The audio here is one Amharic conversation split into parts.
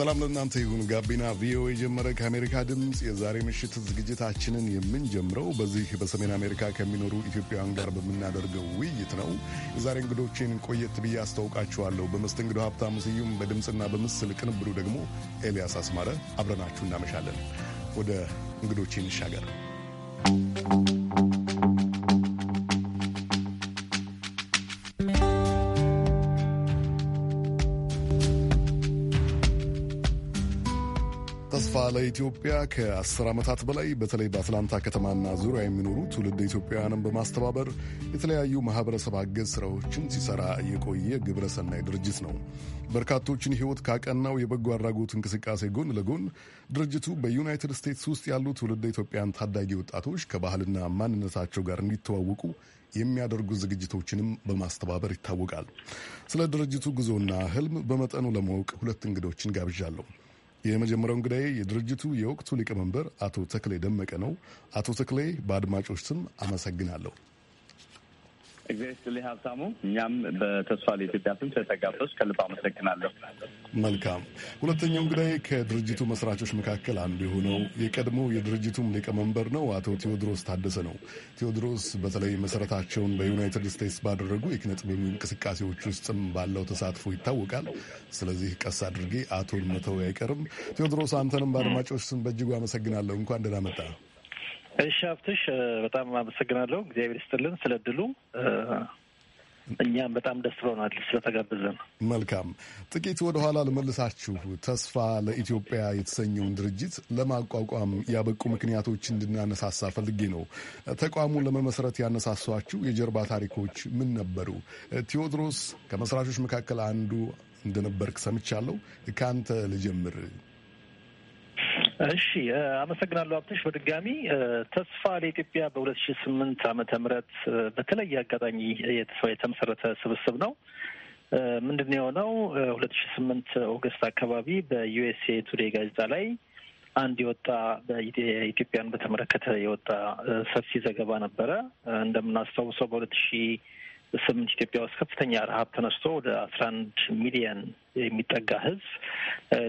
ሰላም ለእናንተ ይሁን። ጋቢና ቪኦኤ ጀመረ። ከአሜሪካ ድምፅ የዛሬ ምሽት ዝግጅታችንን የምንጀምረው በዚህ በሰሜን አሜሪካ ከሚኖሩ ኢትዮጵያውያን ጋር በምናደርገው ውይይት ነው። የዛሬ እንግዶችን ቆየት ብዬ አስታውቃችኋለሁ። በመስተንግዶ ሀብታሙ ስዩም፣ በድምፅና በምስል ቅንብሩ ደግሞ ኤልያስ አስማረ። አብረናችሁ እናመሻለን። ወደ እንግዶቼ እንሻገር። ተስፋ ለኢትዮጵያ ከአስር ዓመታት በላይ በተለይ በአትላንታ ከተማና ዙሪያ የሚኖሩ ትውልድ ኢትዮጵያውያንን በማስተባበር የተለያዩ ማኅበረሰብ አገዝ ሥራዎችን ሲሠራ የቆየ ግብረሰናይ ድርጅት ነው። በርካቶችን ሕይወት ካቀናው የበጎ አድራጎት እንቅስቃሴ ጎን ለጎን ድርጅቱ በዩናይትድ ስቴትስ ውስጥ ያሉ ትውልድ ኢትዮጵያን ታዳጊ ወጣቶች ከባህልና ማንነታቸው ጋር እንዲተዋወቁ የሚያደርጉ ዝግጅቶችንም በማስተባበር ይታወቃል። ስለ ድርጅቱ ጉዞና ህልም በመጠኑ ለማወቅ ሁለት እንግዶችን ጋብዣለሁ። የመጀመሪያው እንግዳዬ የድርጅቱ የወቅቱ ሊቀመንበር አቶ ተክሌ ደመቀ ነው። አቶ ተክሌ በአድማጮች ስም አመሰግናለሁ። እግዚአብሔር ይስጥልኝ ሀብታሙ። እኛም በተስፋ ለኢትዮጵያ ስም ስለተጋበዝ ከልብ አመሰግናለሁ። መልካም። ሁለተኛው እንግዳይ ከድርጅቱ መስራቾች መካከል አንዱ የሆነው የቀድሞ የድርጅቱም ሊቀመንበር ነው አቶ ቴዎድሮስ ታደሰ ነው። ቴዎድሮስ በተለይ መሰረታቸውን በዩናይትድ ስቴትስ ባደረጉ የኪነ እንቅስቃሴዎች ውስጥም ባለው ተሳትፎ ይታወቃል። ስለዚህ ቀስ አድርጌ አቶን መተው አይቀርም። ቴዎድሮስ አንተንም በአድማጮች ስም በእጅጉ አመሰግናለሁ። እንኳን ደህና መጣ። እሺ ሀብትሽ በጣም አመሰግናለሁ። እግዚአብሔር ይስጥልን ስለ ድሉ። እኛም በጣም ደስ ብሎናል ስለተጋብዘን። መልካም ጥቂት ወደ ኋላ ልመልሳችሁ። ተስፋ ለኢትዮጵያ የተሰኘውን ድርጅት ለማቋቋም ያበቁ ምክንያቶች እንድናነሳሳ ፈልጌ ነው። ተቋሙን ለመመስረት ያነሳሷችሁ የጀርባ ታሪኮች ምን ነበሩ? ቴዎድሮስ ከመስራቾች መካከል አንዱ እንደነበርክ ሰምቻለሁ። ከአንተ ልጀምር። እሺ አመሰግናለሁ ሀብትሽ። በድጋሚ ተስፋ ለኢትዮጵያ በሁለት ሺ ስምንት ዓመተ ምህረት በተለየ አጋጣሚ የተመሰረተ ስብስብ ነው። ምንድን የሆነው? ሁለት ሺ ስምንት ኦገስት አካባቢ በዩኤስኤ ቱዴ ጋዜጣ ላይ አንድ የወጣ በኢትዮጵያን በተመለከተ የወጣ ሰፊ ዘገባ ነበረ። እንደምናስታውሰው በሁለት ሺ ስምንት ኢትዮጵያ ውስጥ ከፍተኛ ረሀብ ተነስቶ ወደ አስራ አንድ ሚሊየን የሚጠጋ ህዝብ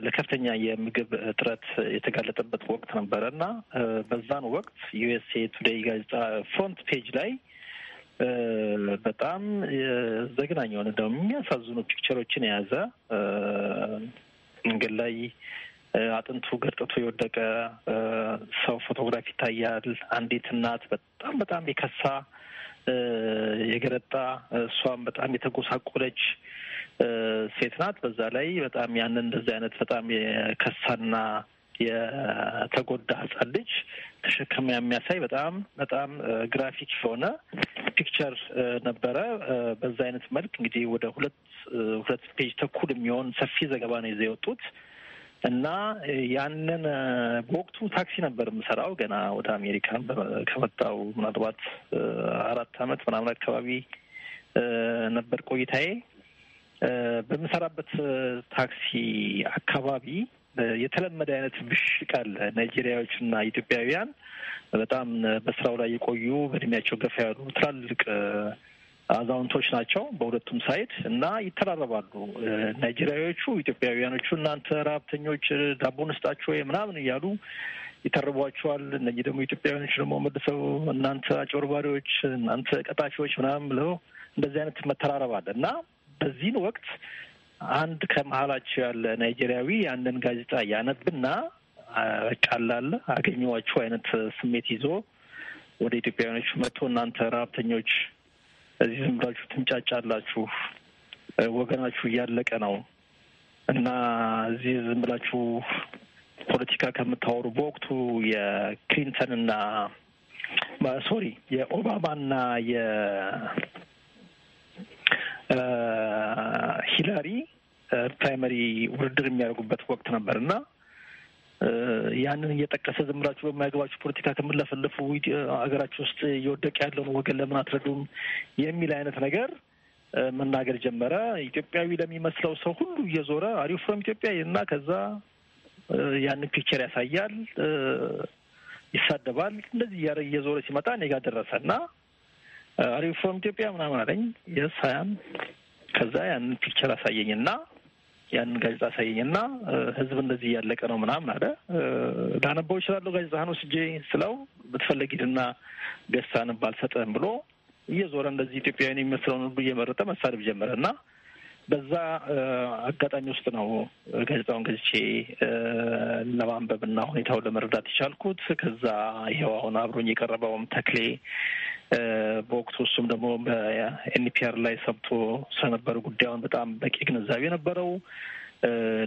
ለከፍተኛ የምግብ እጥረት የተጋለጠበት ወቅት ነበረ እና በዛን ወቅት ዩኤስኤ ቱዴይ ጋዜጣ ፍሮንት ፔጅ ላይ በጣም ዘግናኝ የሆነ ደግሞ የሚያሳዝኑ ፒክቸሮችን የያዘ መንገድ ላይ አጥንቱ ገርጥቶ የወደቀ ሰው ፎቶግራፍ ይታያል። አንዲት እናት በጣም በጣም የከሳ የገረጣ እሷም በጣም የተጎሳቆለች ሴት ናት። በዛ ላይ በጣም ያንን እንደዚህ አይነት በጣም የከሳና የተጎዳ ህጻን ልጅ ተሸክማ የሚያሳይ በጣም በጣም ግራፊክ የሆነ ፒክቸር ነበረ። በዛ አይነት መልክ እንግዲህ ወደ ሁለት ሁለት ፔጅ ተኩል የሚሆን ሰፊ ዘገባ ነው ይዘ የወጡት። እና ያንን በወቅቱ ታክሲ ነበር የምሰራው ገና ወደ አሜሪካ ከመጣው ምናልባት አራት አመት ምናምን አካባቢ ነበር ቆይታዬ። በምሰራበት ታክሲ አካባቢ የተለመደ አይነት ብሽቅ አለ። ናይጄሪያዎች እና ኢትዮጵያውያን በጣም በስራው ላይ የቆዩ በእድሜያቸው ገፋ ያሉ ትላልቅ አዛውንቶች ናቸው በሁለቱም ሳይድ እና ይተራረባሉ። ናይጄሪያዎቹ ኢትዮጵያውያኖቹ እናንተ ረሀብተኞች ዳቦ እንስጣችሁ ምናምን እያሉ ይተርቧቸዋል። እነዚህ ደግሞ ኢትዮጵያውያኖች ደግሞ መልሰው እናንተ አጭበርባሪዎች፣ እናንተ ቀጣፊዎች ምናምን ብለው እንደዚህ አይነት መተራረብ አለ እና በዚህን ወቅት አንድ ከመሀላቸው ያለ ናይጄሪያዊ ያንን ጋዜጣ እያነብና ቃላለ አገኘኋችሁ አይነት ስሜት ይዞ ወደ ኢትዮጵያውያኖች መጥቶ እናንተ ረሀብተኞች እዚህ ዝም ብላችሁ ትንጫጫላችሁ፣ ወገናችሁ እያለቀ ነው እና እዚህ ዝም ብላችሁ ፖለቲካ ከምታወሩ በወቅቱ የክሊንተንና ሶሪ የኦባማና የሂላሪ ፕራይመሪ ውድድር የሚያደርጉበት ወቅት ነበር እና ያንን እየጠቀሰ ዝም ብላችሁ በማያገባችሁ ፖለቲካ ከምለፈልፉ ሀገራችን ውስጥ እየወደቀ ያለውን ወገን ለምን አትረዱም የሚል አይነት ነገር መናገር ጀመረ። ኢትዮጵያዊ ለሚመስለው ሰው ሁሉ እየዞረ አሪው ፍሮም ኢትዮጵያ እና ከዛ ያንን ፒክቸር ያሳያል፣ ይሳደባል። እንደዚህ እያረ እየዞረ ሲመጣ እኔ ጋር ደረሰ እና አሪው ፍሮም ኢትዮጵያ ምናምን አለኝ የስ ሀያም ከዛ ያንን ፒክቸር አሳየኝ እና ያንን ጋዜጣ ሳየኝ እና ህዝብ እንደዚህ እያለቀ ነው ምናምን አለ። ላነበው ይችላለሁ ጋዜጣህን ወስጄ ስለው ብትፈለግ ሂድና ገዝተህ አንብ ብሎ እየዞረ እንደዚህ ኢትዮጵያውያን የሚመስለውን ሁሉ እየመረጠ መሳደብ ጀመረ እና በዛ አጋጣሚ ውስጥ ነው ጋዜጣውን ገዝቼ ለማንበብና ሁኔታውን ለመረዳት የቻልኩት። ከዛ ይኸው አሁን አብሮኝ የቀረበውም ተክሌ በወቅቱ እሱም ደግሞ በኤንፒአር ላይ ሰምቶ ስለነበረ ጉዳዩን በጣም በቂ ግንዛቤ ነበረው።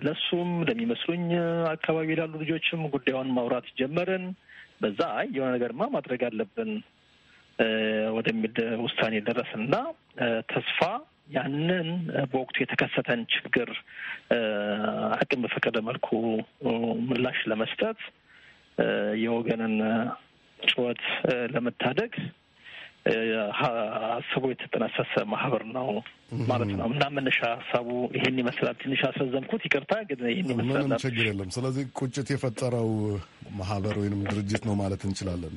ለሱም ለሚመስሉኝ አካባቢ ላሉ ልጆችም ጉዳዩን ማውራት ጀመርን። በዛ አይ የሆነ ነገርማ ማድረግ አለብን ወደሚል ውሳኔ ደረስና ተስፋ ያንን በወቅቱ የተከሰተን ችግር አቅም በፈቀደ መልኩ ምላሽ ለመስጠት የወገንን ጩኸት ለመታደግ አስቦ የተጠነሰሰ ማህበር ነው ማለት ነው እና መነሻ ሀሳቡ ይሄን ይመስላል። ትንሽ አስረዘምኩት፣ ይቅርታ ግን ይሄን ይመስላል። ምንም ችግር የለም። ስለዚህ ቁጭት የፈጠረው ማህበር ወይንም ድርጅት ነው ማለት እንችላለን።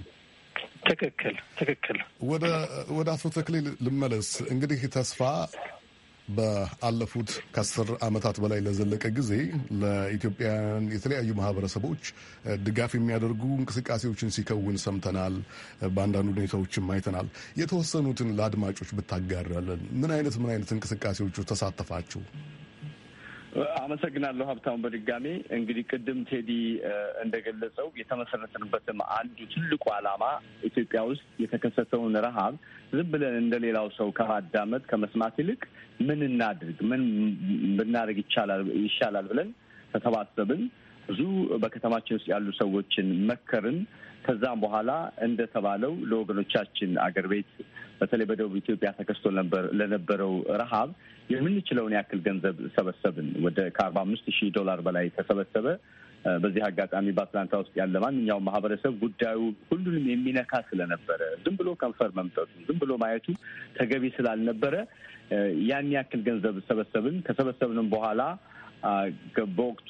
ትክክል ትክክል። ወደ አቶ ተክሌ ልመለስ። እንግዲህ ተስፋ በአለፉት ከአስር ዓመታት በላይ ለዘለቀ ጊዜ ለኢትዮጵያውያን የተለያዩ ማህበረሰቦች ድጋፍ የሚያደርጉ እንቅስቃሴዎችን ሲከውን ሰምተናል። በአንዳንድ ሁኔታዎችም አይተናል። የተወሰኑትን ለአድማጮች ብታጋራለን። ምን አይነት ምን አይነት እንቅስቃሴዎቹ ተሳተፋችሁ? አመሰግናለሁ ሀብታሙ። በድጋሜ እንግዲህ ቅድም ቴዲ እንደገለጸው የተመሰረትንበትም አንዱ ትልቁ ዓላማ ኢትዮጵያ ውስጥ የተከሰተውን ረሃብ ዝም ብለን እንደሌላው ሰው ከማዳመጥ ከመስማት ይልቅ ምን እናድርግ፣ ምን ብናደርግ ይሻላል ብለን ተሰባሰብን። ብዙ በከተማችን ውስጥ ያሉ ሰዎችን መከርን። ከዛም በኋላ እንደተባለው ለወገኖቻችን አገር ቤት በተለይ በደቡብ ኢትዮጵያ ተከስቶ ለነበረው ረሃብ የምንችለውን ያክል ገንዘብ ሰበሰብን። ወደ ከአርባ አምስት ሺህ ዶላር በላይ ተሰበሰበ። በዚህ አጋጣሚ በአትላንታ ውስጥ ያለ ማንኛውም ማህበረሰብ ጉዳዩ ሁሉንም የሚነካ ስለነበረ ዝም ብሎ ከንፈር መምጠቱ ዝም ብሎ ማየቱ ተገቢ ስላልነበረ ያን ያክል ገንዘብ ሰበሰብን። ከሰበሰብንም በኋላ በወቅቱ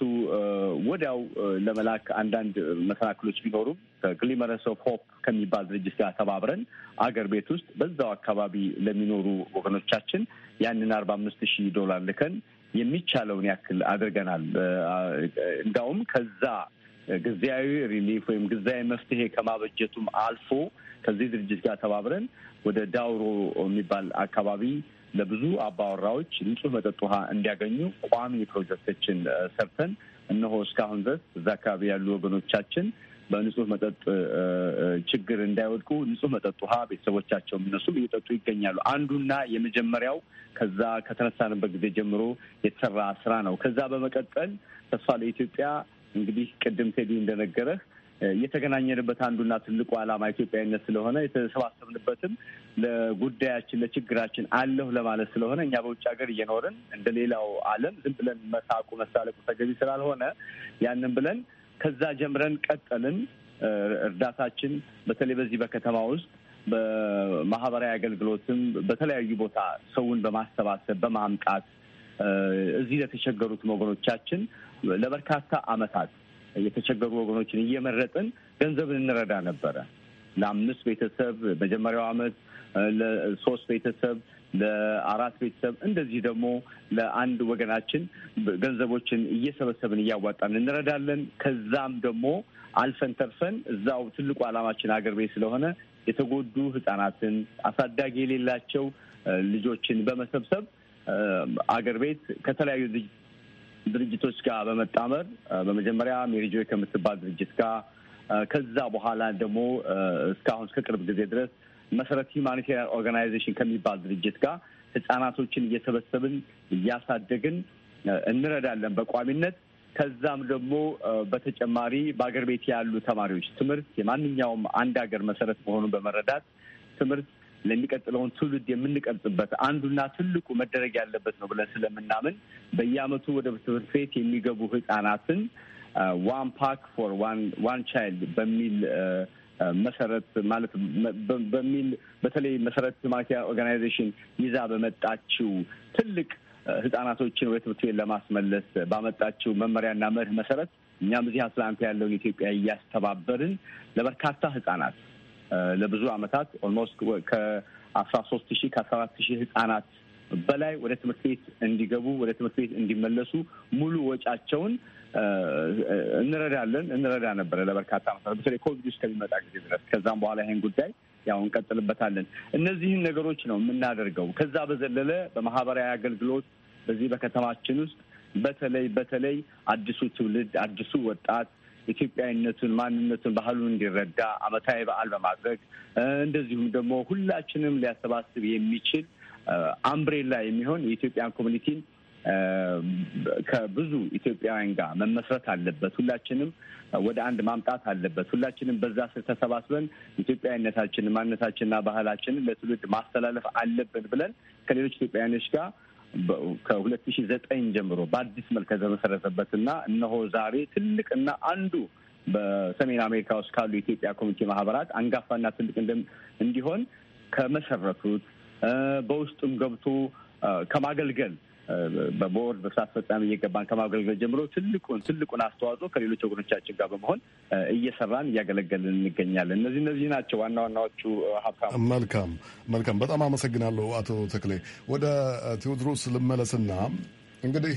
ወዲያው ለመላክ አንዳንድ መሰናክሎች ቢኖሩም ከግሊመረስ ኦፍ ሆፕ ከሚባል ድርጅት ጋር ተባብረን አገር ቤት ውስጥ በዛው አካባቢ ለሚኖሩ ወገኖቻችን ያንን አርባ አምስት ሺህ ዶላር ልከን የሚቻለውን ያክል አድርገናል። እንዲያውም ከዛ ጊዜያዊ ሪሊፍ ወይም ጊዜያዊ መፍትሄ ከማበጀቱም አልፎ ከዚህ ድርጅት ጋር ተባብረን ወደ ዳውሮ የሚባል አካባቢ ለብዙ አባወራዎች ንጹህ መጠጥ ውሃ እንዲያገኙ ቋሚ ፕሮጀክቶችን ሰርተን እነሆ እስካሁን ድረስ እዛ አካባቢ ያሉ ወገኖቻችን በንጹህ መጠጥ ችግር እንዳይወድቁ ንጹህ መጠጥ ውሃ ቤተሰቦቻቸው እነሱም እየጠጡ ይገኛሉ። አንዱና የመጀመሪያው ከዛ ከተነሳንበት ጊዜ ጀምሮ የተሰራ ስራ ነው። ከዛ በመቀጠል ተስፋ ለኢትዮጵያ እንግዲህ ቅድም ቴዲ እንደነገረህ የተገናኘንበት አንዱና ትልቁ ዓላማ ኢትዮጵያዊነት ስለሆነ የተሰባሰብንበትም ለጉዳያችን ለችግራችን አለሁ ለማለት ስለሆነ እኛ በውጭ ሀገር እየኖርን እንደ ሌላው ዓለም ዝም ብለን መሳቁ መሳለቁ ተገቢ ስላልሆነ ያንን ብለን ከዛ ጀምረን ቀጠልን። እርዳታችን በተለይ በዚህ በከተማ ውስጥ በማህበራዊ አገልግሎትም በተለያዩ ቦታ ሰውን በማሰባሰብ በማምጣት እዚህ ለተቸገሩት ወገኖቻችን ለበርካታ ዓመታት የተቸገሩ ወገኖችን እየመረጥን ገንዘብን እንረዳ ነበረ። ለአምስት ቤተሰብ መጀመሪያው ዓመት፣ ለሶስት ቤተሰብ ለአራት ቤተሰብ እንደዚህ ደግሞ ለአንድ ወገናችን ገንዘቦችን እየሰበሰብን እያዋጣን እንረዳለን። ከዛም ደግሞ አልፈን ተርፈን እዛው ትልቁ ዓላማችን አገር ቤት ስለሆነ የተጎዱ ህጻናትን አሳዳጊ የሌላቸው ልጆችን በመሰብሰብ አገር ቤት ከተለያዩ ድርጅቶች ጋር በመጣመር በመጀመሪያ ሜሪጆይ ከምትባል ድርጅት ጋር ከዛ በኋላ ደግሞ እስካሁን እስከ ቅርብ ጊዜ ድረስ መሰረት ሂማኒቴሪያን ኦርጋናይዜሽን ከሚባል ድርጅት ጋር ህጻናቶችን እየሰበሰብን እያሳደግን እንረዳለን በቋሚነት። ከዛም ደግሞ በተጨማሪ በአገር ቤት ያሉ ተማሪዎች ትምህርት የማንኛውም አንድ ሀገር መሰረት መሆኑን በመረዳት ትምህርት ለሚቀጥለውን ትውልድ የምንቀርጽበት አንዱና ትልቁ መደረግ ያለበት ነው ብለን ስለምናምን በየአመቱ ወደ ትምህርት ቤት የሚገቡ ህጻናትን ዋን ፓክ ፎር ዋን ቻይልድ በሚል መሰረት ማለት በሚል በተለይ መሰረት ማኪያ ኦርጋናይዜሽን ይዛ በመጣችው ትልቅ ህጻናቶችን ወደ ትምህርት ቤት ለማስመለስ ባመጣችው መመሪያና መርህ መሰረት እኛም እዚህ አትላንታ ያለውን ኢትዮጵያ እያስተባበርን ለበርካታ ህጻናት ለብዙ አመታት ኦልሞስት ከአስራ ሶስት ሺህ ከአስራ አራት ሺህ ህጻናት በላይ ወደ ትምህርት ቤት እንዲገቡ ወደ ትምህርት ቤት እንዲመለሱ ሙሉ ወጫቸውን እንረዳለን እንረዳ ነበረ ለበርካታ መሰረ በተለይ ኮቪድ ውስጥ ከሚመጣ ጊዜ ድረስ ከዛም በኋላ ይህን ጉዳይ ያው እንቀጥልበታለን። እነዚህን ነገሮች ነው የምናደርገው። ከዛ በዘለለ በማህበራዊ አገልግሎት በዚህ በከተማችን ውስጥ በተለይ በተለይ አዲሱ ትውልድ አዲሱ ወጣት ኢትዮጵያዊነቱን ማንነቱን፣ ባህሉን እንዲረዳ አመታዊ በዓል በማድረግ እንደዚሁም ደግሞ ሁላችንም ሊያሰባስብ የሚችል አምብሬላ የሚሆን የኢትዮጵያ ኮሚኒቲን ከብዙ ኢትዮጵያውያን ጋር መመስረት አለበት። ሁላችንም ወደ አንድ ማምጣት አለበት። ሁላችንም በዛ ስር ተሰባስበን ኢትዮጵያዊነታችንን፣ ማንነታችንና ባህላችንን ለትውልድ ማስተላለፍ አለብን ብለን ከሌሎች ኢትዮጵያውያኖች ጋር ከሁለት ሺ ዘጠኝ ጀምሮ በአዲስ መልክ ከተመሰረተበትና እነሆ ዛሬ ትልቅና አንዱ በሰሜን አሜሪካ ውስጥ ካሉ የኢትዮጵያ ኮሚኒቲ ማህበራት አንጋፋና ትልቅ እንዲሆን ከመሰረቱት በውስጡም ገብቶ ከማገልገል በቦርድ በስራ አስፈጻሚ እየገባን ከማገልገል ጀምሮ ትልቁን ትልቁን አስተዋጽኦ ከሌሎች ወገኖቻችን ጋር በመሆን እየሰራን እያገለገልን እንገኛለን። እነዚህ እነዚህ ናቸው ዋና ዋናዎቹ። ሀብታሙ መልካም መልካም፣ በጣም አመሰግናለሁ አቶ ተክሌ። ወደ ቴዎድሮስ ልመለስና እንግዲህ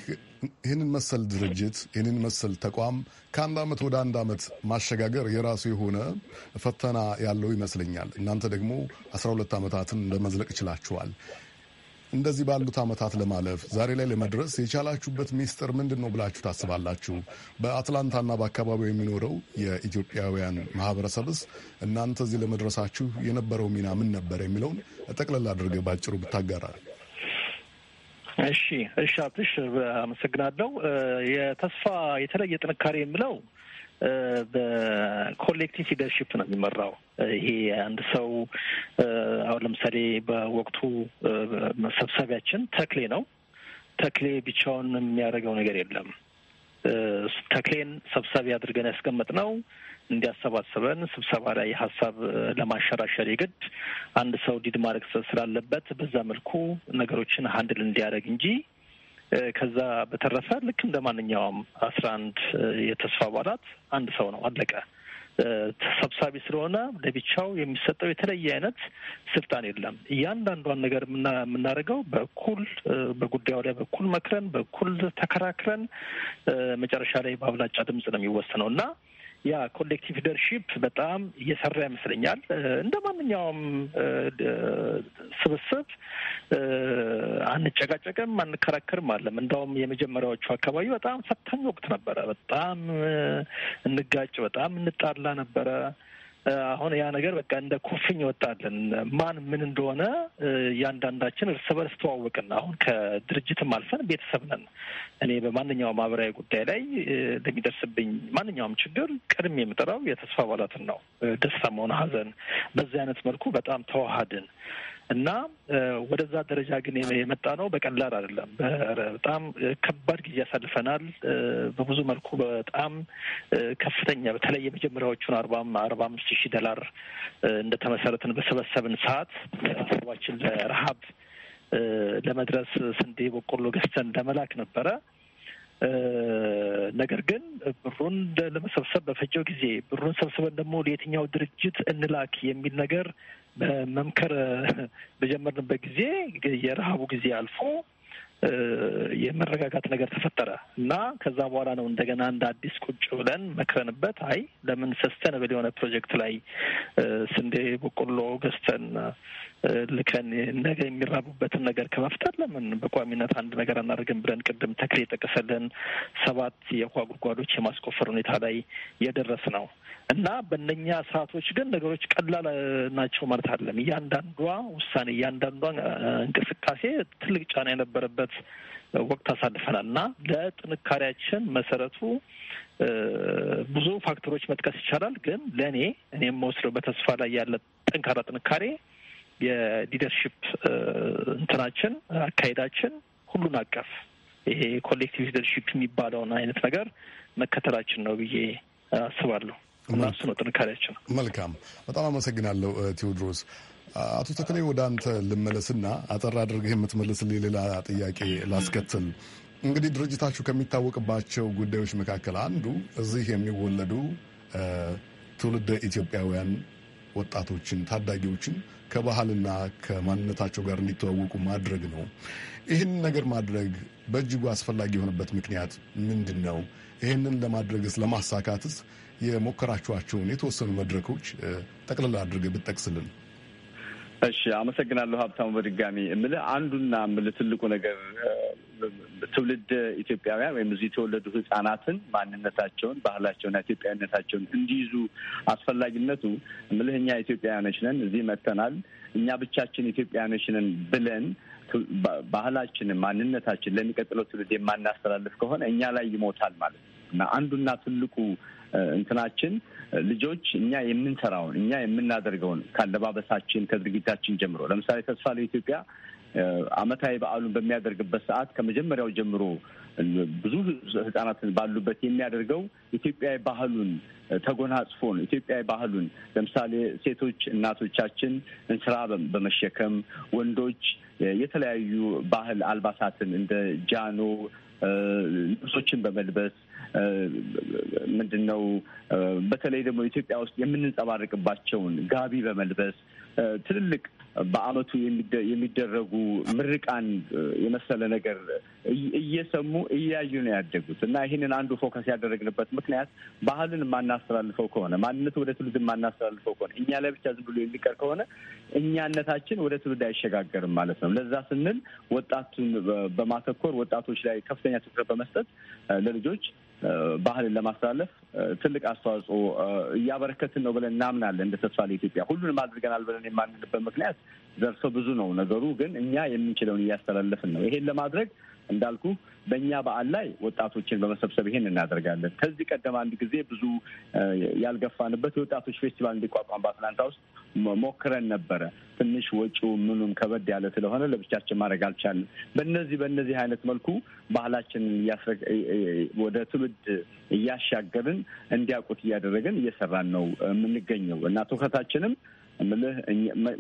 ይህንን መሰል ድርጅት ይህንን መሰል ተቋም ከአንድ ዓመት ወደ አንድ ዓመት ማሸጋገር የራሱ የሆነ ፈተና ያለው ይመስለኛል። እናንተ ደግሞ 12 ዓመታትን ለመዝለቅ ችላችኋል። እንደዚህ ባሉት ዓመታት ለማለፍ ዛሬ ላይ ለመድረስ የቻላችሁበት ሚስጥር ምንድን ነው ብላችሁ ታስባላችሁ? በአትላንታና በአካባቢው የሚኖረው የኢትዮጵያውያን ማህበረሰብስ እናንተ እዚህ ለመድረሳችሁ የነበረው ሚና ምን ነበር የሚለውን ጠቅለል አድርገ ባጭሩ ብታጋራል። እሺ እሺ፣ አብትሽ አመሰግናለሁ። የተስፋ የተለየ ጥንካሬ የምለው በኮሌክቲቭ ሊደርሽፕ ነው የሚመራው። ይሄ አንድ ሰው አሁን ለምሳሌ በወቅቱ መሰብሰቢያችን ተክሌ ነው። ተክሌ ብቻውን የሚያደርገው ነገር የለም። ተክሌን ሰብሳቢ አድርገን ያስቀመጥነው እንዲያሰባስበን ስብሰባ ላይ ሀሳብ ለማሸራሸር የግድ አንድ ሰው ዲድ ማድረግ ስላለበት በዛ መልኩ ነገሮችን ሀንድል እንዲያደርግ እንጂ ከዛ በተረፈ ልክ እንደ ማንኛውም አስራ አንድ የተስፋ አባላት አንድ ሰው ነው አለቀ። ተሰብሳቢ ስለሆነ ለብቻው የሚሰጠው የተለየ አይነት ስልጣን የለም። እያንዳንዷን ነገር የምናደርገው በኩል በጉዳዩ ላይ በኩል መክረን በኩል ተከራክረን መጨረሻ ላይ በአብላጫ ድምፅ ነው የሚወሰነው እና ያ ኮሌክቲቭ ሊደርሺፕ በጣም እየሰራ ይመስለኛል። እንደ ማንኛውም ስብስብ አንጨቃጨቅም፣ አንከራከርም አለም። እንደውም የመጀመሪያዎቹ አካባቢ በጣም ፈታኝ ወቅት ነበረ። በጣም እንጋጭ፣ በጣም እንጣላ ነበረ። አሁን ያ ነገር በቃ እንደ ኩፍኝ ወጣልን። ማን ምን እንደሆነ እያንዳንዳችን እርስ በርስ ተዋወቅን። አሁን ከድርጅትም አልፈን ቤተሰብ ነን። እኔ በማንኛውም ማህበራዊ ጉዳይ ላይ ለሚደርስብኝ ማንኛውም ችግር ቀድም የምጠራው የተስፋ አባላትን ነው። ደስታም ሆነ ሀዘን በዚህ አይነት መልኩ በጣም ተዋሃድን። እና ወደዛ ደረጃ ግን የመጣ ነው በቀላል አይደለም። በጣም ከባድ ጊዜ ያሳልፈናል። በብዙ መልኩ በጣም ከፍተኛ በተለይ የመጀመሪያዎቹን አርባም አርባ አምስት ሺህ ዶላር እንደተመሰረትን በሰበሰብን ሰዓት ሰባችን ለረሀብ ለመድረስ ስንዴ፣ በቆሎ ገዝተን ለመላክ ነበረ። ነገር ግን ብሩን ለመሰብሰብ በፈጀው ጊዜ ብሩን ሰብስበን ደግሞ ለየትኛው ድርጅት እንላክ የሚል ነገር መምከር በጀመርንበት ጊዜ የረሃቡ ጊዜ አልፎ የመረጋጋት ነገር ተፈጠረ እና ከዛ በኋላ ነው እንደገና እንደ አዲስ ቁጭ ብለን መክረንበት፣ አይ ለምን ሰስተንብል የሆነ ፕሮጀክት ላይ ስንዴ፣ በቆሎ ገዝተን ልከን ነገ የሚራቡበትን ነገር ከመፍጠር ለምን በቋሚነት አንድ ነገር አናደርግም ብለን ቅድም ተክሌ የጠቀሰልን ሰባት የውሃ ጉድጓዶች የማስቆፈር ሁኔታ ላይ የደረስ ነው እና በእነኛ ስርዓቶች ግን ነገሮች ቀላል ናቸው ማለት አለም። እያንዳንዷ ውሳኔ፣ እያንዳንዷ እንቅስቃሴ ትልቅ ጫና የነበረበት ወቅት አሳልፈናል እና ለጥንካሬያችን መሰረቱ ብዙ ፋክተሮች መጥቀስ ይቻላል። ግን ለእኔ እኔ መወስደው በተስፋ ላይ ያለ ጠንካራ ጥንካሬ የሊደርሽፕ እንትናችን አካሄዳችን ሁሉን አቀፍ ይሄ ኮሌክቲቭ ሊደርሽፕ የሚባለውን አይነት ነገር መከተላችን ነው ብዬ አስባለሁ። እና እሱ ነው ጥንካሬያችን። መልካም፣ በጣም አመሰግናለሁ ቴዎድሮስ። አቶ ተክሌ ወደ አንተ ልመለስና አጠር አድርገህ የምትመልስልኝ ሌላ ጥያቄ ላስከትል። እንግዲህ ድርጅታችሁ ከሚታወቅባቸው ጉዳዮች መካከል አንዱ እዚህ የሚወለዱ ትውልደ ኢትዮጵያውያን ወጣቶችን ታዳጊዎችን ከባህልና ከማንነታቸው ጋር እንዲተዋወቁ ማድረግ ነው። ይህን ነገር ማድረግ በእጅጉ አስፈላጊ የሆነበት ምክንያት ምንድን ነው? ይህንን ለማድረግስ ለማሳካትስ የሞከራችኋቸውን የተወሰኑ መድረኮች ጠቅልላ አድርገ ብትጠቅስልን። እሺ አመሰግናለሁ ሀብታሙ። በድጋሚ የምልህ አንዱና ምል ትልቁ ነገር ትውልድ ኢትዮጵያውያን ወይም እዚህ የተወለዱ ህጻናትን ማንነታቸውን፣ ባህላቸውና ኢትዮጵያዊነታቸውን እንዲይዙ አስፈላጊነቱ እምልህ እኛ ኢትዮጵያውያኖች ነን፣ እዚህ መጥተናል። እኛ ብቻችን ኢትዮጵያውያኖች ነን ብለን ባህላችንን፣ ማንነታችን ለሚቀጥለው ትውልድ የማናስተላልፍ ከሆነ እኛ ላይ ይሞታል ማለት ነው። እና አንዱና ትልቁ እንትናችን ልጆች እኛ የምንሰራውን እኛ የምናደርገውን ከአለባበሳችን ከድርጊታችን ጀምሮ ለምሳሌ ተስፋ ለኢትዮጵያ ዓመታዊ በዓሉን በሚያደርግበት ሰዓት ከመጀመሪያው ጀምሮ ብዙ ህጻናትን ባሉበት የሚያደርገው ኢትዮጵያዊ ባህሉን ተጎናጽፎን ኢትዮጵያ ኢትዮጵያዊ ባህሉን ለምሳሌ ሴቶች እናቶቻችን እንስራ በመሸከም ወንዶች የተለያዩ ባህል አልባሳትን እንደ ጃኖ ልብሶችን በመልበስ ምንድን ነው በተለይ ደግሞ ኢትዮጵያ ውስጥ የምንንጸባረቅባቸውን ጋቢ በመልበስ ትልልቅ በዓመቱ የሚደረጉ ምርቃን የመሰለ ነገር እየሰሙ እያዩ ነው ያደጉት እና ይህንን አንዱ ፎከስ ያደረግንበት ምክንያት ባህልን የማናስተላልፈው ከሆነ ማንነት ወደ ትውልድ የማናስተላልፈው ከሆነ እኛ ላይ ብቻ ዝም ብሎ የሚቀር ከሆነ እኛነታችን ወደ ትውልድ አይሸጋገርም ማለት ነው። ለዛ ስንል ወጣቱን በማተኮር ወጣቶች ላይ ከፍተኛ ትኩረት በመስጠት ለልጆች ባህልን ለማስተላለፍ ትልቅ አስተዋጽኦ እያበረከትን ነው ብለን እናምናለን። እንደ ተስፋ ለኢትዮጵያ ሁሉንም አድርገናል ብለን የማንልበት ምክንያት ዘርፈ ብዙ ነው ነገሩ። ግን እኛ የምንችለውን እያስተላለፍን ነው። ይሄን ለማድረግ እንዳልኩ በእኛ በዓል ላይ ወጣቶችን በመሰብሰብ ይሄን እናደርጋለን። ከዚህ ቀደም አንድ ጊዜ ብዙ ያልገፋንበት የወጣቶች ፌስቲቫል እንዲቋቋም በአትላንታ ውስጥ ሞክረን ነበረ። ትንሽ ወጪው ምኑም ከበድ ያለ ስለሆነ ለብቻችን ማድረግ አልቻለን። በነዚህ በእነዚህ አይነት መልኩ ባህላችንን ወደ ትውልድ እያሻገርን እንዲያውቁት እያደረግን እየሰራን ነው የምንገኘው እና ትኩረታችንም እምልህ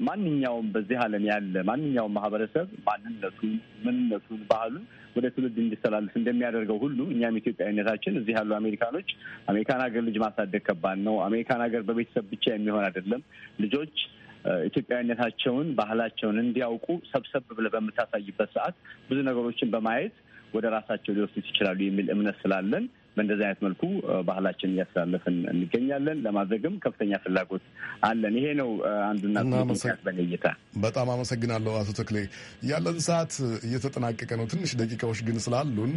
ማንኛውም በዚህ ዓለም ያለ ማንኛውም ማህበረሰብ ማንነቱን፣ ምንነቱን፣ ባህሉን ወደ ትውልድ እንዲተላለፍ እንደሚያደርገው ሁሉ እኛም ኢትዮጵያዊነታችን እዚህ ያሉ አሜሪካኖች አሜሪካን ሀገር ልጅ ማሳደግ ከባድ ነው። አሜሪካን ሀገር በቤተሰብ ብቻ የሚሆን አይደለም። ልጆች ኢትዮጵያዊነታቸውን፣ ባህላቸውን እንዲያውቁ ሰብሰብ ብለህ በምታሳይበት ሰዓት ብዙ ነገሮችን በማየት ወደ ራሳቸው ሊወስዱት ይችላሉ የሚል እምነት ስላለን በእንደዚህ አይነት መልኩ ባህላችን እያስተላለፍን እንገኛለን። ለማድረግም ከፍተኛ ፍላጎት አለን። ይሄ ነው አንዱና ምክንያት በለይታ በጣም አመሰግናለሁ። አቶ ተክሌ ያለን ሰዓት እየተጠናቀቀ ነው። ትንሽ ደቂቃዎች ግን ስላሉን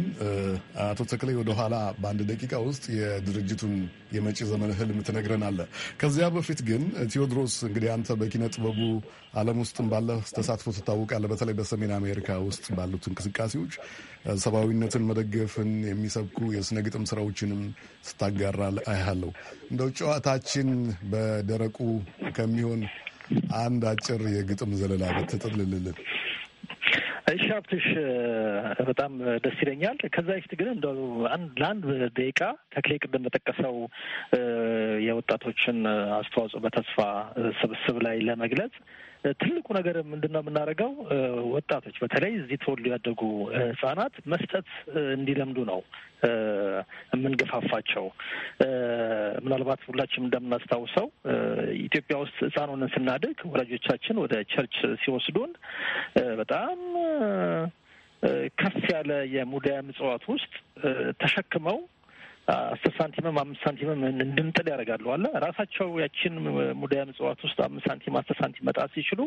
አቶ ተክሌ ወደኋላ በአንድ ደቂቃ ውስጥ የድርጅቱን የመጪ ዘመን ህልም ትነግረናለ ከዚያ በፊት ግን ቴዎድሮስ፣ እንግዲህ አንተ በኪነ ጥበቡ አለም ውስጥም ባለ ተሳትፎ ትታወቃለ በተለይ በሰሜን አሜሪካ ውስጥ ባሉት እንቅስቃሴዎች ሰብአዊነትን መደገፍን የሚሰብኩ የስነ ግጥም ስራዎችንም ስታጋራ አይሃለሁ። እንደው ጨዋታችን በደረቁ ከሚሆን አንድ አጭር የግጥም ዘለላ ብትጥልልልን። እሺ ሀብትሽ በጣም ደስ ይለኛል። ከዛ በፊት ግን እንደ ለአንድ ደቂቃ ተክሌ ቅድም በጠቀሰው የወጣቶችን አስተዋጽኦ በተስፋ ስብስብ ላይ ለመግለጽ ትልቁ ነገር ምንድን ነው የምናደርገው? ወጣቶች በተለይ እዚህ ተወልዶ ያደጉ ህጻናት መስጠት እንዲለምዱ ነው የምንገፋፋቸው። ምናልባት ሁላችንም እንደምናስታውሰው ኢትዮጵያ ውስጥ ህጻኑንን ስናድግ ወላጆቻችን ወደ ቸርች ሲወስዱን በጣም ከፍ ያለ የሙዳየ ምጽዋት ውስጥ ተሸክመው አስር ሳንቲምም አምስት ሳንቲምም እንድንጥል ያደርጋሉ አለ ራሳቸው ያችን ሙዳያ ምጽዋት ውስጥ አምስት ሳንቲም አስር ሳንቲም መጣ ሲችሉ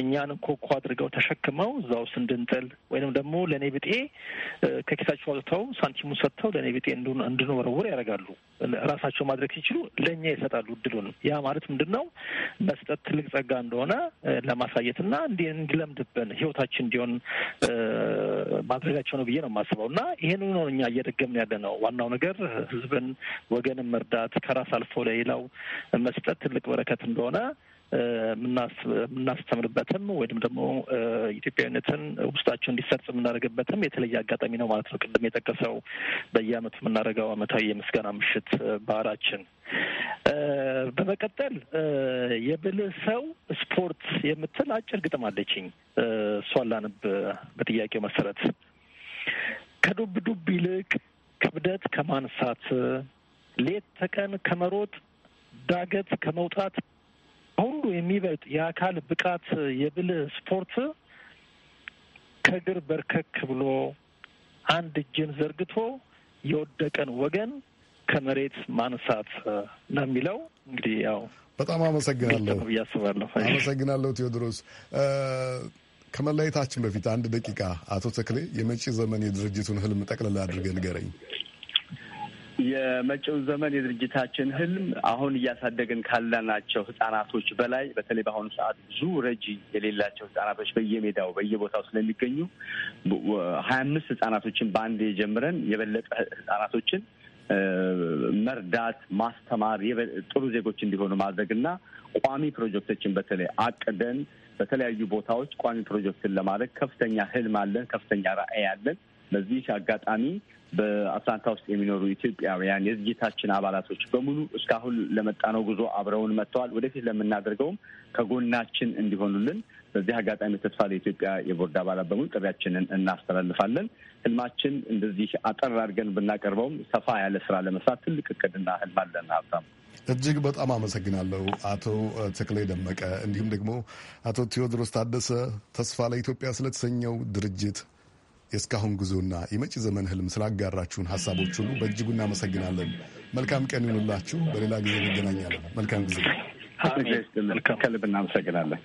እኛን ኮኮ አድርገው ተሸክመው እዛ ውስጥ እንድንጥል ወይንም ደግሞ ለእኔ ብጤ ከኪሳቸው አውጥተው ሳንቲሙን ሰጥተው ለእኔ ብጤ እንድንወረውር ያደርጋሉ። ራሳቸው ማድረግ ሲችሉ ለእኛ ይሰጣሉ እድሉን። ያ ማለት ምንድን ነው? መስጠት ትልቅ ጸጋ እንደሆነ ለማሳየት እና እንዲለምድብን ህይወታችን እንዲሆን ማድረጋቸው ነው ብዬ ነው የማስበው እና ይሄን ነው እኛ እየደገምን ያለ ነው ዋናው ነገር ነገር ህዝብን፣ ወገንን መርዳት ከራስ አልፎ ለሌላው መስጠት ትልቅ በረከት እንደሆነ የምናስተምርበትም ወይም ደግሞ ኢትዮጵያዊነትን ውስጣቸው እንዲሰርጽ የምናደርግበትም የተለየ አጋጣሚ ነው ማለት ነው። ቅድም የጠቀሰው በየአመቱ የምናደርገው ዓመታዊ የምስጋና ምሽት ባህላችን። በመቀጠል የብልህ ሰው ስፖርት የምትል አጭር ግጥም አለችኝ። እሷን ላንብ በጥያቄው መሰረት ከዱብ ዱብ ይልቅ ክብደት ከማንሳት፣ ሌት ተቀን ከመሮጥ፣ ዳገት ከመውጣት ሁሉ የሚበልጥ የአካል ብቃት የብልህ ስፖርት ከእግር በርከክ ብሎ አንድ እጅን ዘርግቶ የወደቀን ወገን ከመሬት ማንሳት ነው የሚለው። እንግዲህ ያው በጣም አመሰግናለሁ ብዬ አስባለሁ። አመሰግናለሁ ቴዎድሮስ። ከመለየታችን በፊት አንድ ደቂቃ አቶ ተክሌ የመጪ ዘመን የድርጅቱን ህልም ጠቅልላ አድርገ ንገረኝ። የመጪው ዘመን የድርጅታችን ህልም አሁን እያሳደግን ካለናቸው ህጻናቶች በላይ በተለይ በአሁኑ ሰዓት ብዙ ረጂ የሌላቸው ህጻናቶች በየሜዳው በየቦታው ስለሚገኙ ሀያ አምስት ህጻናቶችን በአንድ ጀምረን የበለጠ ህጻናቶችን መርዳት፣ ማስተማር፣ ጥሩ ዜጎች እንዲሆኑ ማድረግ እና ቋሚ ፕሮጀክቶችን በተለይ አቅደን በተለያዩ ቦታዎች ቋሚ ፕሮጀክትን ለማድረግ ከፍተኛ ህልም አለን፣ ከፍተኛ ራዕይ አለን። በዚህ አጋጣሚ በአትላንታ ውስጥ የሚኖሩ ኢትዮጵያውያን የድርጅታችን አባላቶች በሙሉ እስካሁን ለመጣነው ጉዞ አብረውን መጥተዋል። ወደፊት ለምናደርገውም ከጎናችን እንዲሆኑልን በዚህ አጋጣሚ ተስፋ ለኢትዮጵያ የቦርድ አባላት በሙሉ ጥሪያችንን እናስተላልፋለን። ህልማችን እንደዚህ አጠር አድርገን ብናቀርበውም ሰፋ ያለ ስራ ለመስራት ትልቅ እቅድና ህልም አለን እጅግ በጣም አመሰግናለሁ አቶ ተክሌ ደመቀ፣ እንዲሁም ደግሞ አቶ ቴዎድሮስ ታደሰ ተስፋ ለኢትዮጵያ ስለተሰኘው ድርጅት የእስካሁን ጉዞና የመጪ ዘመን ህልም ስላጋራችሁን ሀሳቦች ሁሉ በእጅጉ እናመሰግናለን። መልካም ቀን ይሁንላችሁ። በሌላ ጊዜ እንገናኛለን። መልካም ጊዜ። ከልብ እናመሰግናለን።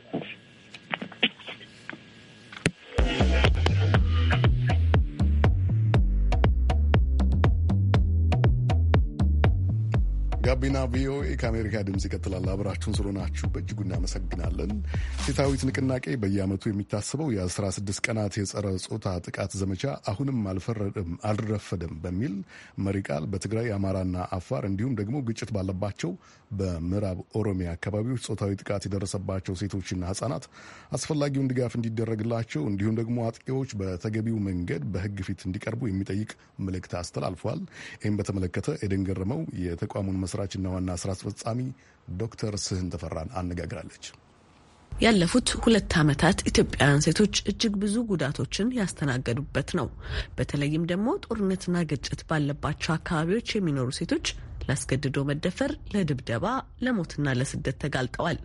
ጋቢና ቪኦኤ ከአሜሪካ ድምፅ ይቀጥላል። አብራችሁን ስለሆናችሁ በእጅጉ እናመሰግናለን። ሴታዊት ንቅናቄ በየዓመቱ የሚታስበው የ16 ቀናት የጸረ ጾታ ጥቃት ዘመቻ አሁንም አልፈረድም አልረፈደም በሚል መሪ ቃል በትግራይ አማራና አፋር እንዲሁም ደግሞ ግጭት ባለባቸው በምዕራብ ኦሮሚያ አካባቢዎች ጾታዊ ጥቃት የደረሰባቸው ሴቶችና ህጻናት አስፈላጊውን ድጋፍ እንዲደረግላቸው እንዲሁም ደግሞ አጥቂዎች በተገቢው መንገድ በህግ ፊት እንዲቀርቡ የሚጠይቅ መልእክት አስተላልፏል። ይህም በተመለከተ ኤደን ገረመው የተቋሙን መስራች መስራችና ዋና ስራ አስፈጻሚ ዶክተር ስህን ተፈራን አነጋግራለች። ያለፉት ሁለት ዓመታት ኢትዮጵያውያን ሴቶች እጅግ ብዙ ጉዳቶችን ያስተናገዱበት ነው። በተለይም ደግሞ ጦርነትና ግጭት ባለባቸው አካባቢዎች የሚኖሩ ሴቶች ላስገድዶ መደፈር፣ ለድብደባ፣ ለሞትና ለስደት ተጋልጠዋል።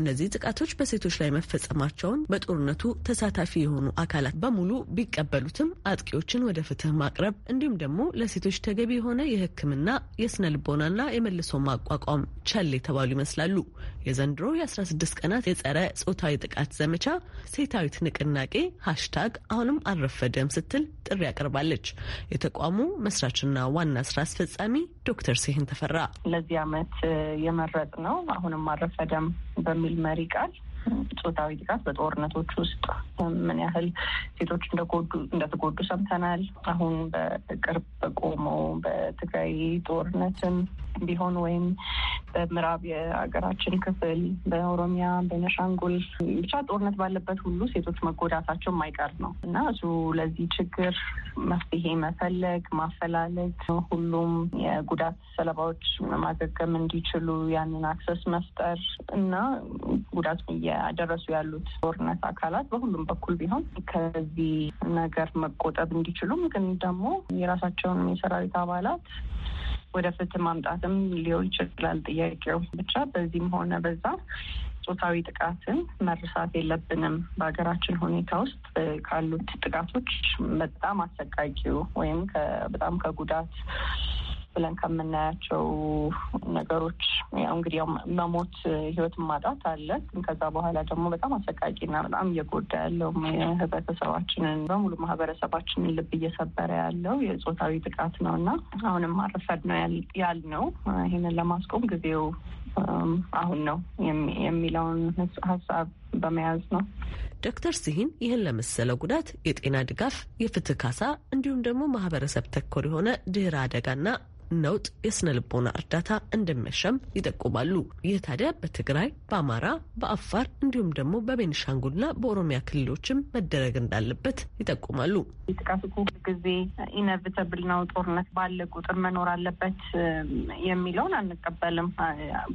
እነዚህ ጥቃቶች በሴቶች ላይ መፈጸማቸውን በጦርነቱ ተሳታፊ የሆኑ አካላት በሙሉ ቢቀበሉትም አጥቂዎችን ወደ ፍትህ ማቅረብ እንዲሁም ደግሞ ለሴቶች ተገቢ የሆነ የሕክምና የስነ ልቦናና የመልሶ ማቋቋም ቸል የተባሉ ይመስላሉ። የዘንድሮ የ16 ቀናት የጸረ ጾታዊ ጥቃት ዘመቻ ሴታዊት ንቅናቄ ሃሽታግ አሁንም አልረፈደም ስትል ጥሪ ያቀርባለች። የተቋሙ መስራችና ዋና ስራ አስፈጻሚ ዶክተር ስህን ተፈራ ለዚህ አመት የመረጥ ነው አሁንም አረፈደም በሚል መሪ ቃል ጾታዊ ጥቃት በጦርነቶች ውስጥ ምን ያህል ሴቶች እንደጎዱ እንደተጎዱ ሰምተናል። አሁን በቅርብ በቆመው በትግራይ ጦርነትም ቢሆን ወይም በምዕራብ የሀገራችን ክፍል በኦሮሚያ፣ በነሻንጉል ብቻ ጦርነት ባለበት ሁሉ ሴቶች መጎዳታቸው የማይቀር ነው እና እሱ ለዚህ ችግር መፍትሄ መፈለግ ማፈላለግ፣ ሁሉም የጉዳት ሰለባዎች ማገገም እንዲችሉ ያንን አክሰስ መፍጠር እና ጉዳት እያደረሱ ያሉት ጦርነት አካላት በሁሉም በኩል ቢሆን ከዚህ ነገር መቆጠብ እንዲችሉም ግን ደግሞ የራሳቸውን የሰራዊት አባላት ወደ ፍትህ ማምጣትም ሊሆን ይችላል ጥያቄው። ብቻ በዚህም ሆነ በዛ ጾታዊ ጥቃትን መርሳት የለብንም። በሀገራችን ሁኔታ ውስጥ ካሉት ጥቃቶች በጣም አሰቃቂው ወይም በጣም ከጉዳት ብለን ከምናያቸው ነገሮች ያው እንግዲህ ያው መሞት ህይወት ማጣት አለ። ግን ከዛ በኋላ ደግሞ በጣም አሰቃቂና በጣም እየጎዳ ያለው ህብረተሰባችንን በሙሉ ማህበረሰባችንን ልብ እየሰበረ ያለው የጾታዊ ጥቃት ነው እና አሁንም ማረፈድ ነው ያል ነው ይህንን ለማስቆም ጊዜው አሁን ነው የሚለውን ሀሳብ በመያዝ ነው። ዶክተር ሲሂን ይህን ለመሰለ ጉዳት የጤና ድጋፍ፣ የፍትህ ካሳ እንዲሁም ደግሞ ማህበረሰብ ተኮር የሆነ ድህረ አደጋና ነውጥ የስነ ልቦና እርዳታ እንደሚያሻም ይጠቁማሉ። ይህ ታዲያ በትግራይ፣ በአማራ፣ በአፋር እንዲሁም ደግሞ በቤኒሻንጉልና በኦሮሚያ ክልሎችም መደረግ እንዳለበት ይጠቁማሉ። ጥቃት ጊዜ ኢነቪተብል ነው፣ ጦርነት ባለ ቁጥር መኖር አለበት የሚለውን አንቀበልም።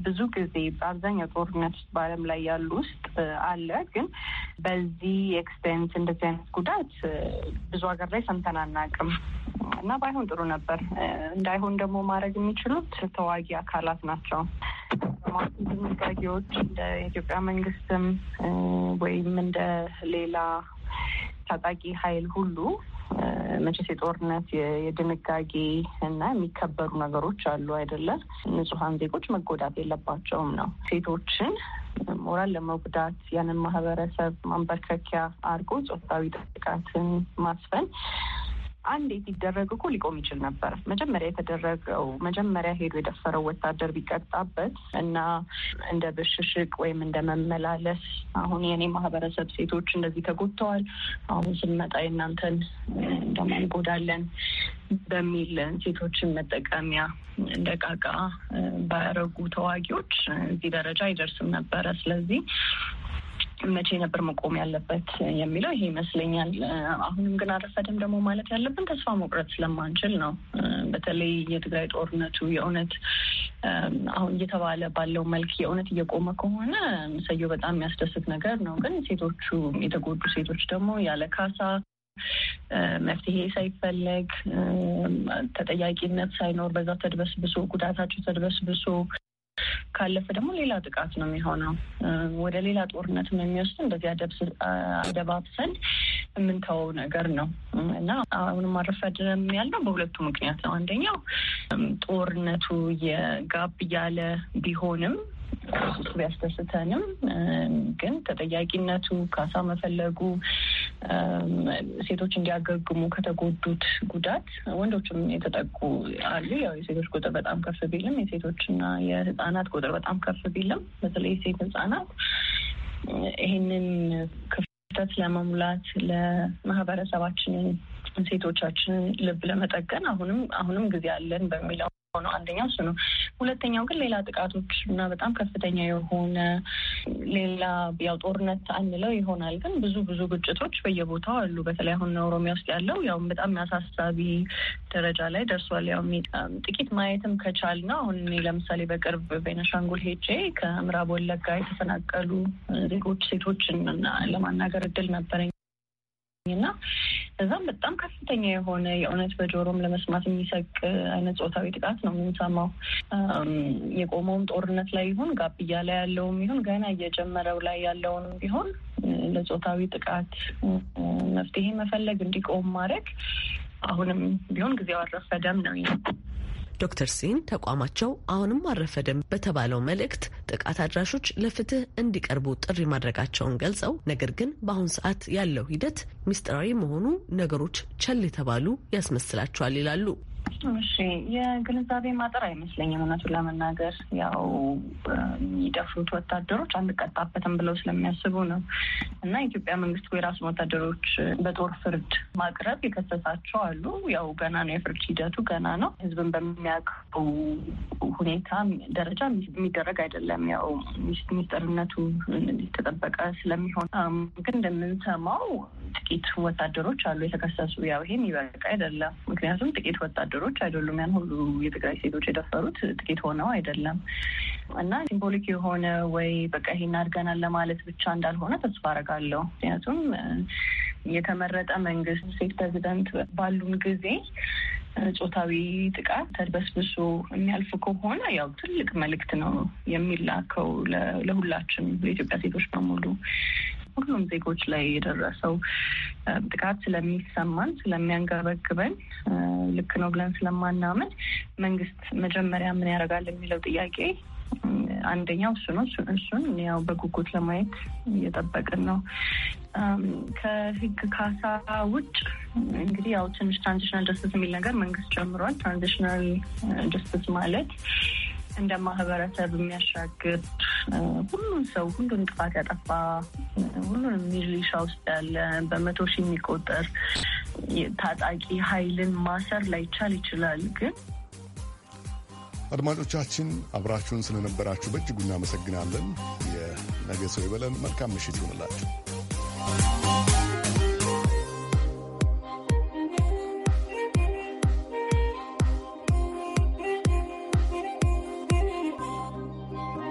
ብዙ ጊዜ በአብዛኛው ጦርነት ውስጥ በዓለም ላይ ያሉ ውስጥ አለ፣ ግን በዚህ ኤክስቴንት እንደዚህ አይነት ጉዳት ብዙ ሀገር ላይ ሰምተን አናውቅም እና ባይሆን ጥሩ ነበር እንዳይሆን ደግሞ ማድረግ የሚችሉት ተዋጊ አካላት ናቸው። ድንጋጌዎች እንደ ኢትዮጵያ መንግስትም ወይም እንደ ሌላ ታጣቂ ኃይል ሁሉ መቼስ የጦርነት የድንጋጌ እና የሚከበሩ ነገሮች አሉ አይደለም። ንጹሐን ዜጎች መጎዳት የለባቸውም ነው። ሴቶችን ሞራል ለመጉዳት ያንን ማህበረሰብ ማንበርከኪያ አድርጎ ጾታዊ ጥቃትን ማስፈን አንዴ ሲደረግ እኮ ሊቆም ይችል ነበር። መጀመሪያ የተደረገው መጀመሪያ ሄዶ የደፈረው ወታደር ቢቀጣበት እና እንደ ብሽሽቅ ወይም እንደ መመላለስ አሁን የኔ ማህበረሰብ ሴቶች እንደዚህ ተጎድተዋል፣ አሁን ስንመጣ የእናንተን እንደማንጎዳለን በሚል ሴቶችን መጠቀሚያ እንደ ቃቃ ባያረጉ ተዋጊዎች እዚህ ደረጃ አይደርስም ነበረ። ስለዚህ መቼ ነበር መቆም ያለበት የሚለው ይሄ ይመስለኛል። አሁንም ግን አረፈደም ደግሞ ማለት ያለብን ተስፋ መቁረጥ ስለማንችል ነው። በተለይ የትግራይ ጦርነቱ የእውነት አሁን እየተባለ ባለው መልክ የእውነት እየቆመ ከሆነ ሰየው በጣም የሚያስደስት ነገር ነው። ግን ሴቶቹ የተጎዱ ሴቶች ደግሞ ያለ ካሳ መፍትሄ ሳይፈለግ ተጠያቂነት ሳይኖር በዛ ተድበስብሶ ጉዳታቸው ተድበስብሶ ካለፈ ደግሞ ሌላ ጥቃት ነው የሚሆነው። ወደ ሌላ ጦርነት የሚወስድ እንደዚህ አደባብሰን የምንተወው ነገር ነው እና አሁንም አረፈድንም ያልነው በሁለቱ ምክንያት ነው። አንደኛው ጦርነቱ የጋብ እያለ ቢሆንም እሱ ቢያስደስተንም ግን ተጠያቂነቱ ካሳ መፈለጉ ሴቶች እንዲያገግሙ ከተጎዱት ጉዳት ወንዶችም የተጠቁ አሉ። ያው የሴቶች ቁጥር በጣም ከፍ ቢልም የሴቶችና የህጻናት ቁጥር በጣም ከፍ ቢልም በተለይ ሴት ህጻናት ይህንን ክፍተት ለመሙላት ለማህበረሰባችንን ሴቶቻችንን ልብ ለመጠገን አሁንም አሁንም ጊዜ አለን በሚለው ሆነው አንደኛው እሱ ነው። ሁለተኛው ግን ሌላ ጥቃቶች እና በጣም ከፍተኛ የሆነ ሌላ ያው ጦርነት አንለው ይሆናል ግን ብዙ ብዙ ግጭቶች በየቦታው አሉ። በተለይ አሁን ኦሮሚያ ውስጥ ያለው ያው በጣም አሳሳቢ ደረጃ ላይ ደርሷል። ያው ጥቂት ማየትም ከቻል ነው። አሁን እኔ ለምሳሌ በቅርብ ቤነሻንጉል ሄጄ ከምዕራብ ወለጋ የተፈናቀሉ ዜጎች ሴቶችን ለማናገር እድል ነበረኝ። እና እዛም በጣም ከፍተኛ የሆነ የእውነት በጆሮም ለመስማት የሚሰቅ አይነት ጾታዊ ጥቃት ነው የምንሰማው። የቆመውም ጦርነት ላይ ይሁን ጋብያ ላይ ያለውም ይሁን ገና እየጀመረው ላይ ያለውንም ቢሆን ለጾታዊ ጥቃት መፍትሄ መፈለግ እንዲቆም ማድረግ አሁንም ቢሆን ጊዜው አልረፈደም ነው። ዶክተር ሲን ተቋማቸው አሁንም አልረፈደም በተባለው መልእክት ጥቃት አድራሾች ለፍትህ እንዲቀርቡ ጥሪ ማድረጋቸውን ገልጸው ነገር ግን በአሁን ሰዓት ያለው ሂደት ሚስጥራዊ መሆኑ ነገሮች ቸል የተባሉ ያስመስላቸዋል ይላሉ። እሺ የግንዛቤ ማጠር አይመስለኝም። እውነቱን ለመናገር ያው የሚደፍሩት ወታደሮች አንቀጣበትም ብለው ስለሚያስቡ ነው እና የኢትዮጵያ መንግስት የራሱን ወታደሮች በጦር ፍርድ ማቅረብ የከሰሳቸው አሉ። ያው ገና ነው የፍርድ ሂደቱ ገና ነው። ህዝብን በሚያውቀው ሁኔታ ደረጃ የሚደረግ አይደለም። ያው ሚስጥርነቱ የተጠበቀ ስለሚሆን ግን እንደምንሰማው ጥቂት ወታደሮች አሉ የተከሰሱ። ያው ይሄ የሚበቃ አይደለም። ምክንያቱም ጥቂት ወታደሮች ሴቶች አይደሉም። ያን ሁሉ የትግራይ ሴቶች የደፈሩት ጥቂት ሆነው አይደለም እና ሲምቦሊክ የሆነ ወይ በቃ ይሄን አድርገናል ለማለት ብቻ እንዳልሆነ ተስፋ አረጋለሁ። ምክንያቱም የተመረጠ መንግስት ሴት ፕሬዚደንት ባሉን ጊዜ ጾታዊ ጥቃት ተድበስብሶ የሚያልፍ ከሆነ ያው ትልቅ መልእክት ነው የሚላከው ለሁላችን ለኢትዮጵያ ሴቶች በሙሉ ሁሉም ዜጎች ላይ የደረሰው ጥቃት ስለሚሰማን ስለሚያንገበግበን ልክ ነው ብለን ስለማናምን መንግስት መጀመሪያ ምን ያደርጋል የሚለው ጥያቄ አንደኛው እሱ ነው። እሱን ያው በጉጉት ለማየት እየጠበቅን ነው። ከህግ ካሳ ውጭ እንግዲህ ያው ትንሽ ትራንዚሽናል ጀስትስ የሚል ነገር መንግስት ጀምሯል። ትራንዚሽናል ጀስትስ ማለት እንደ ማህበረሰብ የሚያሻግር ሁሉን ሰው ሁሉን ጥፋት ያጠፋ ሁሉንም ሚሊሻ ውስጥ ያለ በመቶ ሺህ የሚቆጠር ታጣቂ ኃይልን ማሰር ላይቻል ይችላል ግን አድማጮቻችን አብራችሁን ስለነበራችሁ በእጅጉ እናመሰግናለን። የነገ ሰው ይበለን። መልካም ምሽት ይሆንላችሁ።